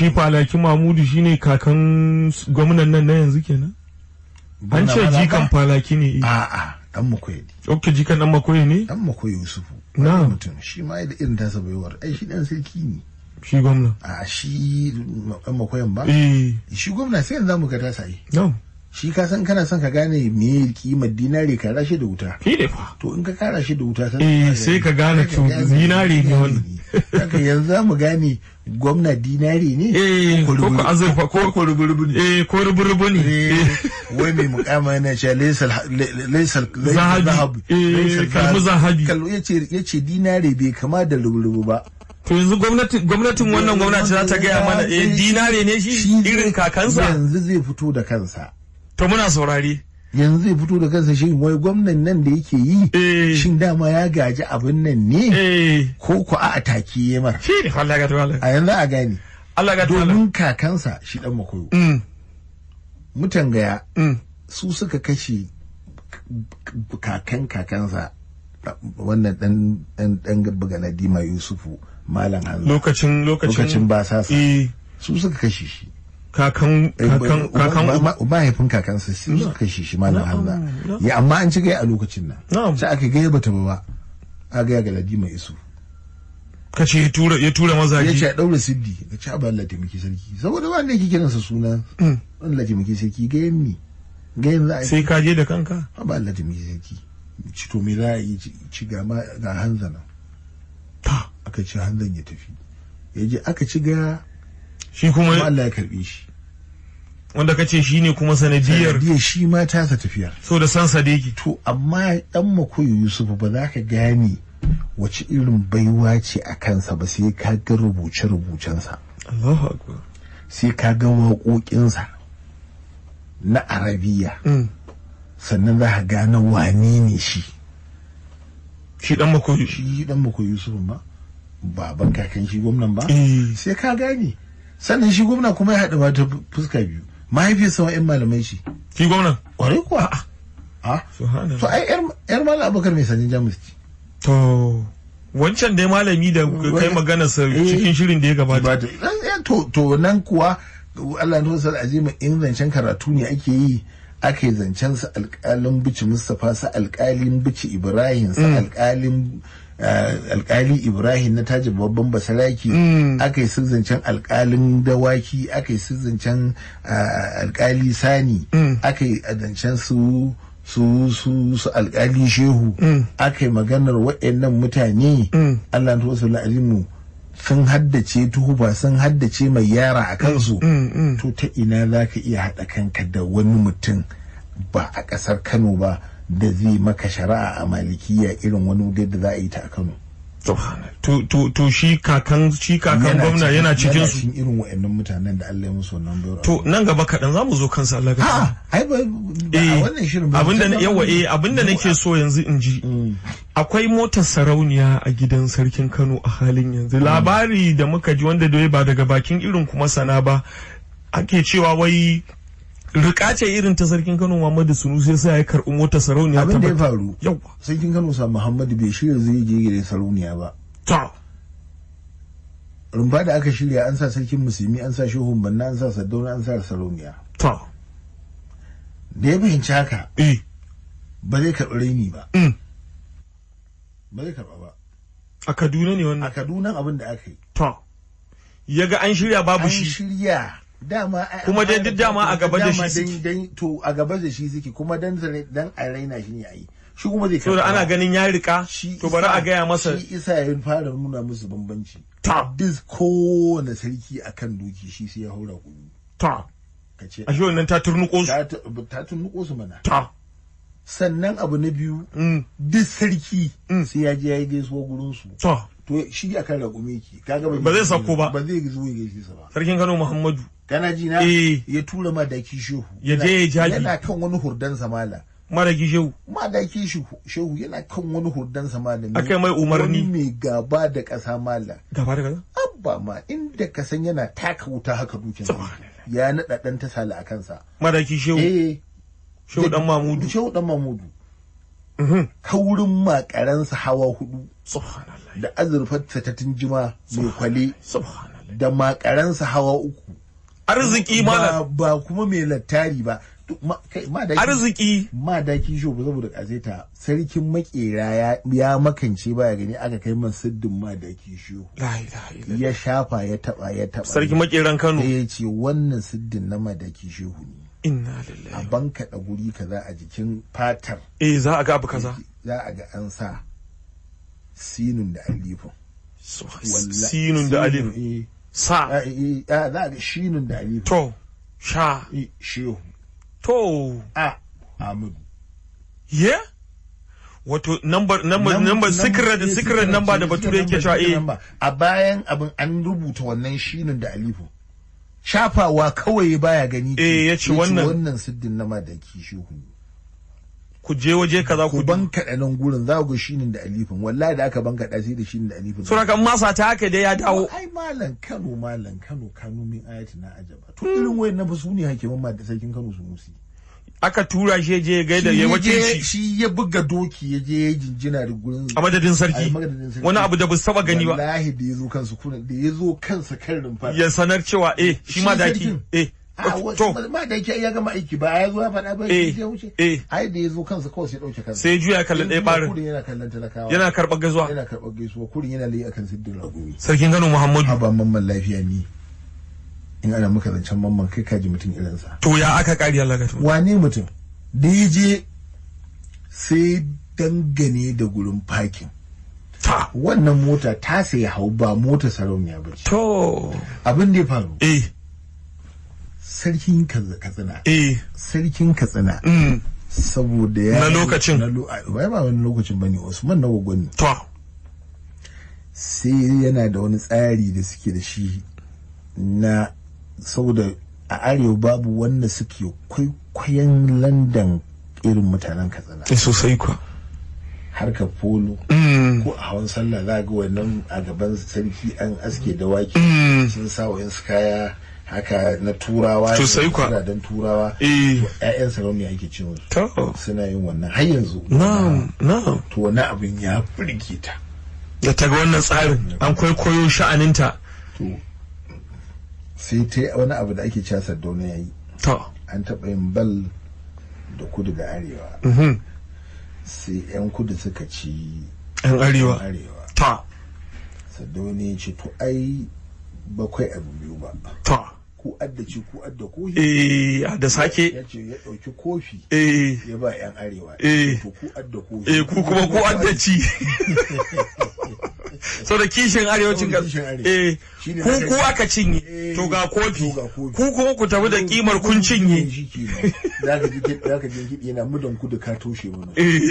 shi falaki mamudu ne kakan gwamnan nan na yanzu kenan an ce jikan falaki ne eh. a dan makoye ne ok jikan dan makoye ne dan makoye yusufu na mutum shi ma da irin tasa baiwar ai shi dan sarki ne shi gwamna a shi eh, dan makoyan ba eh. shi gwamna sai yanzu mu ga tasa yi no shi ka san kana son ka gane me kimar dinari ka rashe da wuta to in ka kara shi da wuta eh, sai ka gane to dinari ne wannan haka yanzu za mu gane gwamna dinari ne eh, ko azurfa ko ko ruburubu ne eh ko ruburubu ne eh, wai mai mukama yana cewa laisal laisal zahabi laisal kalmu zahabi yace yace dinari bai kama da ruburubu ba to yanzu gwamnatin wannan gwamnati za ta gaya mana eh dinare ne shi irin kakansa yanzu zai fito da kansa to muna saurari yanzu zai fito da kansa shi wai gwamnan nan da yake yi eh. shin dama ya gaji abin nan ne eh. ko ku a ataki yemar a yanzu a gane domin kakansa shi dan makoyo mm. mutan gaya mm. su suka kashe kakan kakansa wannan dan dan bugaladi Nadima yusufu malam hanzu lokacin lokacin basasa eh. su suka kashe shi kakan eh, kakan kakan mahaifin kakansa shi suka shi shi malam hamza ya amma an ci gai a lokacin nan sai aka gaya bata ba a gaya ga ladi mai isu Ka ya ya tura mazaji ya ce a daura siddi ka ci abin Ladi taimaki sarki saboda ne yake kiransa suna hmm. Wani Ladi taimaki sarki gayen ni gayen za a yi. sai ka je da kanka abin Ladi taimaki sarki ci to me za a yi ci ga ma ga hanza nan ta aka ci hanzan ya tafi ya je aka ci gaya shi kuma Allah ya karbe shi wanda kace shi ne kuma sanadiyar sanadiyar shi ma ta sa tafiya so da san sadiki to amma dan makoyi Yusuf ba za ka gane wace irin baiwa ce a kansa ba sai ka ga rubuce rubucensa Allahu akbar sai ka ga waƙoƙinsa na arabiya mm. sannan za ka gane wane ne shi shi dan makoyi shi dan makoyi Yusuf ba baban kakan shi gwamnan ba eh. sai ka gane sannan shi gwamna kuma ya haɗa ma ta fuska biyu mahaifiyarsa wa'in malamai shi shi gwamna ƙwarai kuwa a to ai yar malam abubakar mai sanin jamus ce to wancan dai malami da kai magana sa eh. cikin shirin da ya gabata eh, to to nan kuwa Allah ya sa azima in zancen karatu ne ake yi aka yi zancen sa alƙalin bici Mustapha sa alƙalin bici Ibrahim sa mm. alƙalin Eh, alkali ibrahim na tajin babban basaraki mm. aka yi su zancen alkalin dawaki aka yi su zancen eh, alkali sani mm. aka yi zancen su su su su alkali shehu mm. aka yi maganar waɗannan mutane allah ta wasu sun haddace tuhuba sun haddace mai yara a kansu to ta ina za ka iya haɗa kanka da wani mutum ba a ƙasar kano ba da zai maka shari'a a malikiya irin wani wuri da za a yi ta a kano to shi kakan shi kakan gwamna yana cikin su Yana irin wa'annan mutanen da Allah ya musu wannan bayar to nan gaba kaɗan za mu zo kansa Allah ga ai ba eh, wannan shirin abinda yawa eh abinda nake so yanzu in ji mm. akwai motar sarauniya a gidan sarkin Kano a halin yanzu mm. labari da muka ji wanda dai ba daga bakin irin kuma sana ba ake cewa wai rika ce irin ta sarkin Kano Muhammadu Sunusi sai ya karɓi motar sarauniya ta abin da ya faru yawa sarkin Kano sa Muhammadu bai shirya zai je gidan sarauniya ba ta rumba da aka shirya an sa sarkin musulmi an sa shehu banna an sa saddauna an sa sarauniya ta da ya fahimci haka eh. ba zai karɓi raini ba mm. ba zai karba ba a Kaduna ne wannan a Kaduna abin da aka yi ta ya ga an shirya babu shi an shirya kuma dai duk dama a gaba da shi dai to a gaba da shi suke kuma dan dan a raina shi ne ayi shi kuma zai da ana ganin ya rika to bari a gaya masa shi isa ya fara nuna musu bambanci ta dis ko na sarki akan doki shi sai ya haura kudu ta kace a shi wannan ta turnuko su ta turnuko su mana ta sannan abu na biyu mm. duk sarki mm. sai ya je ya yi gaisuwa gurin su to shi akan raƙumi ki kaga ba zai sako ba ba zai zo ya gaishe sa ba sarkin Kano Muhammadu kana ji na eh. ya tura ma daki shehu ya je ya jaji yana kan wani hurdan zamala madaki shehu madaki shehu yana kan wani hurdan zamala akai mai umarni mai gaba da kasa mala gaba da kasa abba ma inda ka san yana taka wuta haka dukin ya dan ta sala a kansa madaki shehu eh shehu dan mamudu shehu dan mamudu mhm. kaurin makaransa hawa hudu da azurfar ta tunjima mai kwale da makaransa hawa uku arziki ma ba kuma mai lattari ba arziki ma daki shi ba saboda kazeta sarkin makera ya makance ba ya gani aka kai man siddin ma daki shi ya shafa ya taba ya taba sarkin makeran Kano ya ce wannan siddin na ma daki shi ne inna lillahi a banka da guri kaza a jikin fatar eh za a ga abu kaza za a ga an sa sinun da alifin sinun da alifin eh. sa eh, eh, eh, a za shinin da alifu to sha shehu to a amadu ye wato number number number secret secret number da da yake cewa eh a bayan abin an rubuta wannan shinin da alifu shafawa kawai baya gani eh yace wannan wannan siddin na madaki shehu ku je waje kaza ku banka da nan gurin za ku shine da alifin wallahi da aka banka da sai da shine da alifin so kan masa ta haka dai ya dawo ai malam Kano malam Kano Kano min ayati na ajaba to irin wayannan na su ne hakiman ma da sarkin Kano su musi aka tura shi je ga da ya wace shi ya buga doki ya je ya jinjina da gurin a madadin sarki wani abu da bu saba gani ba wallahi da yazo kansa kuna da yazo kansa kan rumfa ya sanar cewa eh shi ma daki eh to ba da yake ya gama aiki ba ya zo ya faɗa ba eh, ya wuce eh. ai da ya zo kansa kawai sai dauke kansa sai juya kallon ɗaya barin kurin yana kallon talakawa yana karɓar gaisuwa yana karɓar gaisuwa kurin yana layi akan siddin ragowi sarkin Kano Muhammadu ba mamman lafiya ni in ana muka zancen mamman kai kaji mutum irinsa to ya aka kari Allah ka wane mutum da ya je sai dangane da gurin Ta. wannan mota ta sai hau ba mota sarauniya ba to abin da ya faru eh sarkin katsina eh. sarkin katsina mm. saboda ya na lokacin na ba wani lokacin bane Usman na gwagwani to sai yana da wani tsari da suke da shi na saboda a arewa babu wanda suke kwaikwayon landan irin mutanen katsina eh, sosai kuwa harkar polo mm. ko a hawan sallah za ga wannan a gaban sarki an aske da wake mm. sun sa wa kaya haka na turawa to sai kwa dan turawa eh. ƴaƴan sarauniya ake cewa to suna yin wannan har yanzu na'am na'am to wani abin ya ta da ta ga wannan tsarin an kwaikwayo sha'aninta to sai ta wani abu da ake cewa sardauna yayi to an taɓa yin bal da kudu da arewa mhm. sai yan kudu suka ci yan arewa Arewa. ta sardauna ya ce to ai bakwai abu biyu ba ta ku adda ku adda kofi eh da sake ya ce ya dauki kofi eh ya ba yan arewa eh ku adda kofi eh ku kuma ku adda ci so da kishin arewacin ga eh ku ku aka cinye eh. to ga kofi ku kuma ku tafi da kimar kun cinye zaka ji zaka ji kidi yana mudan ku da ka toshe mana eh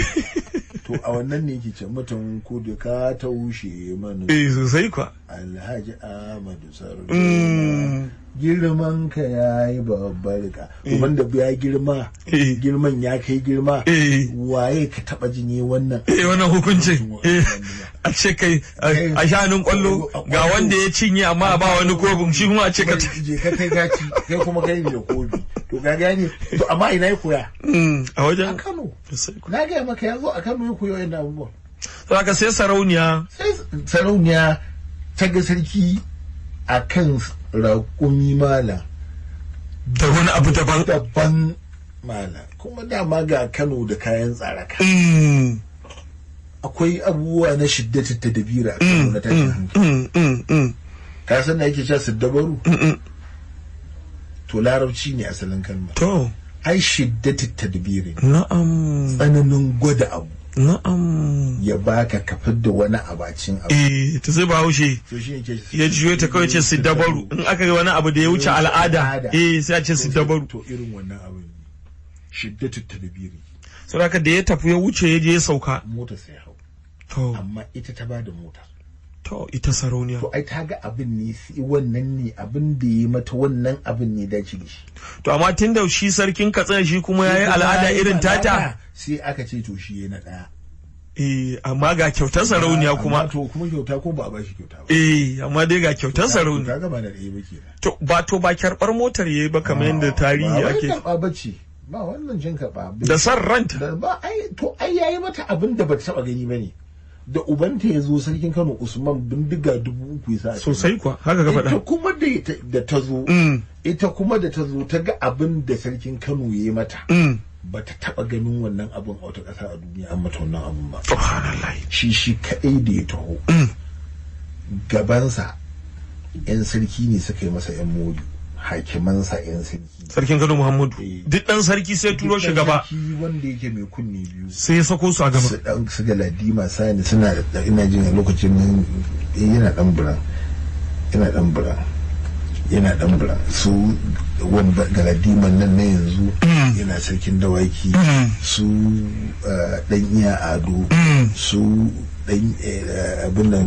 to a wannan ne yake ce mutum ku da ka taushe mana eh sosai kwa alhaji ahmadu sarki mm. girman ka ya yi babbar ka wanda eh. ya girma eh. girman ya kai girma eh. waye ka taba jini wannan eh wannan hukuncin a ce kai a shanin kwallo ga wanda ya cinye amma ba wani kofin shi kuma a ce ka je ka kai gaci kai kuma kai ne kofi to ga gani to amma ina yi koya mm. a wajen a Kano na ga maka ya zo a Kano yi koyo yana abubuwa to aka sai sarauniya sai sarauniya ta ga sarki a kan raƙumi mala da wani abu daban daban mala kuma dama ga kano da kayan tsaraka mm. akwai abubuwa na shidda ta dabira a kano mm, na tashin mm, hankali ka san da yake cewa dabaru? to larabci ne asalin kalma to ai shidda ta dabira na'am tsananin gwada abu na'am ya baka kafar da wani abacin abu eh ta sai bahaushe ya juyo ta kawai ce su dabaru in aka yi wani abu da ya wuce al'ada eh sai a ce su dabaru to irin wannan abu shiddatu tadbiri saboda da ya tafi ya wuce ya je ya sauka mota sai hau amma ita ta bada mota to ita sarauniya to ai taga abin ne wannan ne abin da yi mata wannan abin ne da shi to amma tun da shi sarkin tsaya shi kuma yayi al'ada irin tata sai aka ce to shi na daya eh amma ga kyautar sarauniya kuma to kuma kyauta ko ba a bashi kyauta ba eh amma dai ga kyautar sarauniya Ga ba da ɗaya ba kenan to ba to ba karbar motar yayi ba kamar yadda tarihi ake ba bace ba wannan jin karba da san ranta ba ai to ai yayi mata abin da ba ta taba gani bane da ubanta ya zo sarkin kano usman bindiga dubu uku ya sosai kuwa haka ka faɗa ita kuma da ta zo mm. ita kuma da ta zo ta ga abin da sarkin kano ya yi mata mm. ba ta taɓa ganin wannan abin a wata ƙasa a duniya an mata wannan abin ba shi shi kaɗai da ya taho mm. gabansa 'yan sarki ne suka yi masa 'yan mori hakimansa yan sarki sarkin kano muhammadu eh. duk dan sarki sai turo shi gaba wanda yake mai kunni biyu sai ya sako su a gaba su dan su ga ladima sani suna da ina jin lokacin eh, yana dan buran yana dan buran yana dan buran su wani ladima nan na yanzu mm. yana sarkin dawaki mm. su dan eh, iya ado mm. su dan abin nan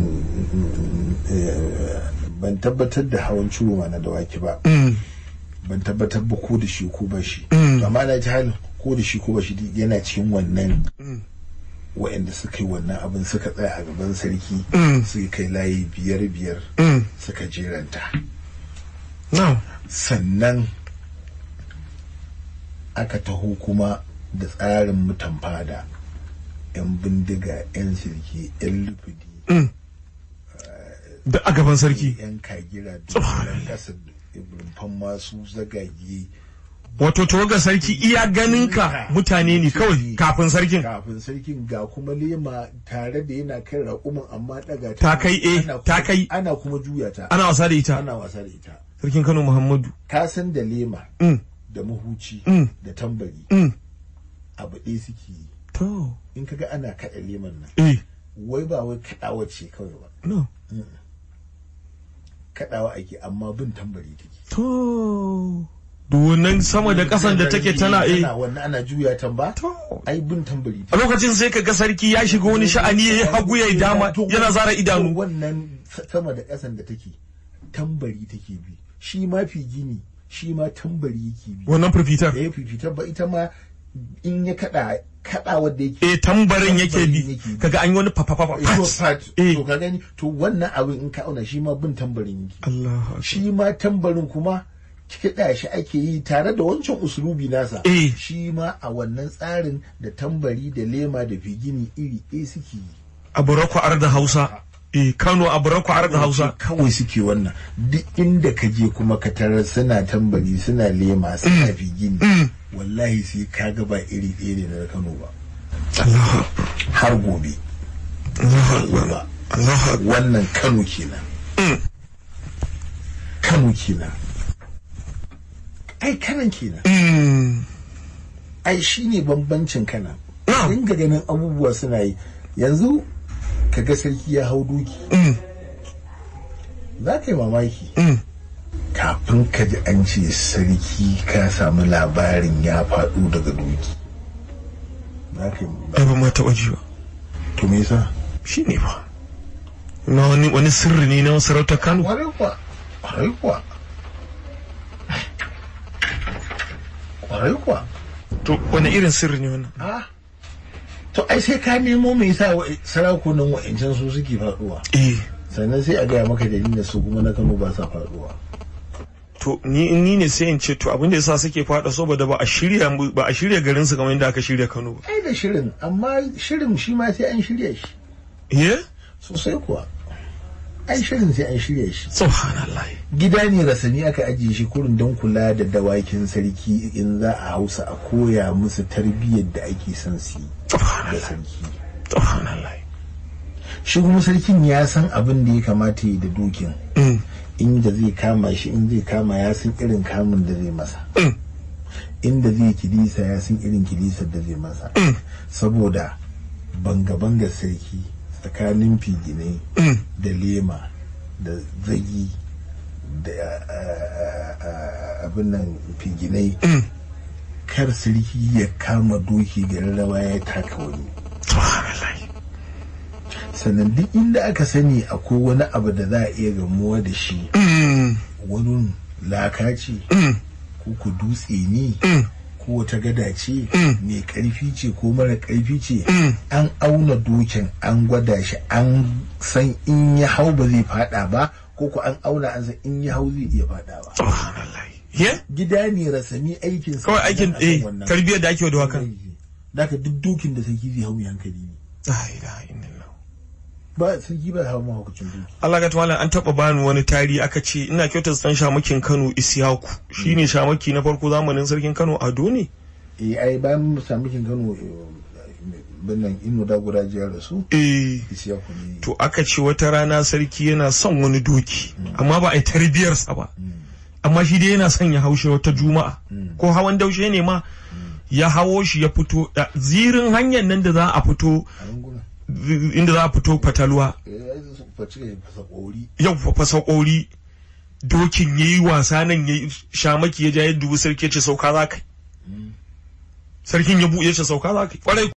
ban tabbatar da hawan ciwo mana da waki ba mm. ban tabbatar ba ko da shi ko ba shi mm. amma na ji halin ko da shi ko ba shi yana cikin wannan mm. wa'anda suka yi wannan abin suka tsaya a gaban sarki suka kai layi biyar biyar suka jeranta sannan aka taho kuma da tsarin mutan fada 'yan bindiga 'yan sirki 'yan lufudi da a gaban sarki yan kagira ibrahim kasar rumfan masu zagage wato tawagar sarki iya ganin ka mutane ne kawai kafin sarkin kafin sarkin ga kuma lema tare da yana kai raƙumin amma daga ta kai eh ta kai ana kuma juya ta ana wasa da ita ana wasa da ita sarkin Kano Muhammadu ka san da lema mm. da mahuci mm. da tambari mm. abu ɗaya suke yi to in kaga ana kaɗa leman nan eh. wai ba wai kaɗawa ce kawai ba no kadawa ake amma bin tambari take to wannan sama da kasan da take tana eh wannan ana juya tamba to ai bin tambari a lokacin sai ka ga sarki ya shiga wani sha'ani yayi hagu yayi dama yana zara idanu wannan sama da kasan da take tambari take bi shi ma gini shi ma tambari yake bi wannan fifitar eh fifitar ba ita ma in ya kada kada wanda yake eh tambarin yake bi kaga an yi wani papapapa eh. to ka gani to wannan abin in ka auna shi ma bin tambarin yake Allah shi ma tambarin kuma kiɗa shi ake yi tare da wancan usulubi nasa eh. shi ma a wannan tsarin da tambari da lema da figini iri ɗaya suke yi a buraku ar da hausa eh Kano Aburako Arda Hausa kawai suke wannan duk inda ka je kuma ka tarar suna tambari suna lema suna mm. bigini mm. wallahi sai ka ga ba iri ɗaya ne na Kano ba har gobe wannan Kano kenan mm. Kano kenan ai kanan kenan ai shine bambancin kana dinga ganin abubuwa suna yi yanzu ka ga sarki ya hau doki mm. za ka yi mamaki mm. kafin ka ji an ce sarki ka samu labarin ya faɗo daga doki za ka yi mamaki ba ma taɓa ji ba to me yasa shi ne ba na wani wani sirri ne na Sarauta kano kwarai kuwa kwarai kuwa kwarai kuwa to wani irin sirri ne wannan ah. to ai sai ka nemo mai sa sarakunan wa'ancan su suke faduwa eh sannan sai a gaya maka da su kuma na Kano ba sa faduwa to ni ni ne sai in ce to abin da yasa suke fada saboda ba a shirya ba a shirya garin su kamar yadda aka shirya Kano ba ai da shirin amma shirin shi ma sai an shirya shi eh sosai kuwa ai shirin sai an shirya shi subhanallah gida ne rasani aka ajiye shi kurin don kula da dawakin sarki in za a hausa a koya musu tarbiyyar da ake son su yi. subhanallah shi kuma sarkin ya san abin da ya kamata ya da dokin mm. inda zai kama shi in zai kama ya san irin kamun da zai masa mm. inda zai kilisa ya san irin kilisar da zai masa mm. saboda banga-banga sarki tsakanin figinai da lema da zagi da eh, eh, eh, abin nan figinai mm. kar sirki ya kama doki ga rawa ya taka wani sannan duk inda aka sani akwai wani abu da za a iya gamuwa da shi mm. wani lakaci ce mm. ko ku dutse ne ko wata gada ce mm. mai karfi ce ko mara karfi ce mm. an auna dokin an gwada shi an san in ya hau ba zai fada ba ko ko an auna an san in ya hau zai iya fada ba gida ne rasami aikin sa kawai aikin eh tarbiyyar da ake wa dawakan daga duk dokin da sarki zai hau hankali ne ba sarki ba hawa mahaukacin doki Allah ga tumalan an taba bani wani tari aka ce ina kyauta san shamakin Kano Isiyaku shine shamaki na farko zamanin sarkin Kano Ado ne eh ai bayan shamakin Kano eh, bannan inu da guda jiyar da su eh Isiyaku ne to aka ce wata rana sarki yana son wani doki mm. amma ba a tarbiyar sa ba mm. amma shi dai yana son ya haushe wata juma'a mm. ko hawan daushe ne ma ya hawo shi ya fito zirin hanyar nan da za a fito inda za a fito fataluwa yau fasa kori dokin ya yi wasa nan ya shamaki ya ja ya dubu sarki ya ce sauka za ka mm. sarkin ya buɗe ya ce sauka za ka kwarai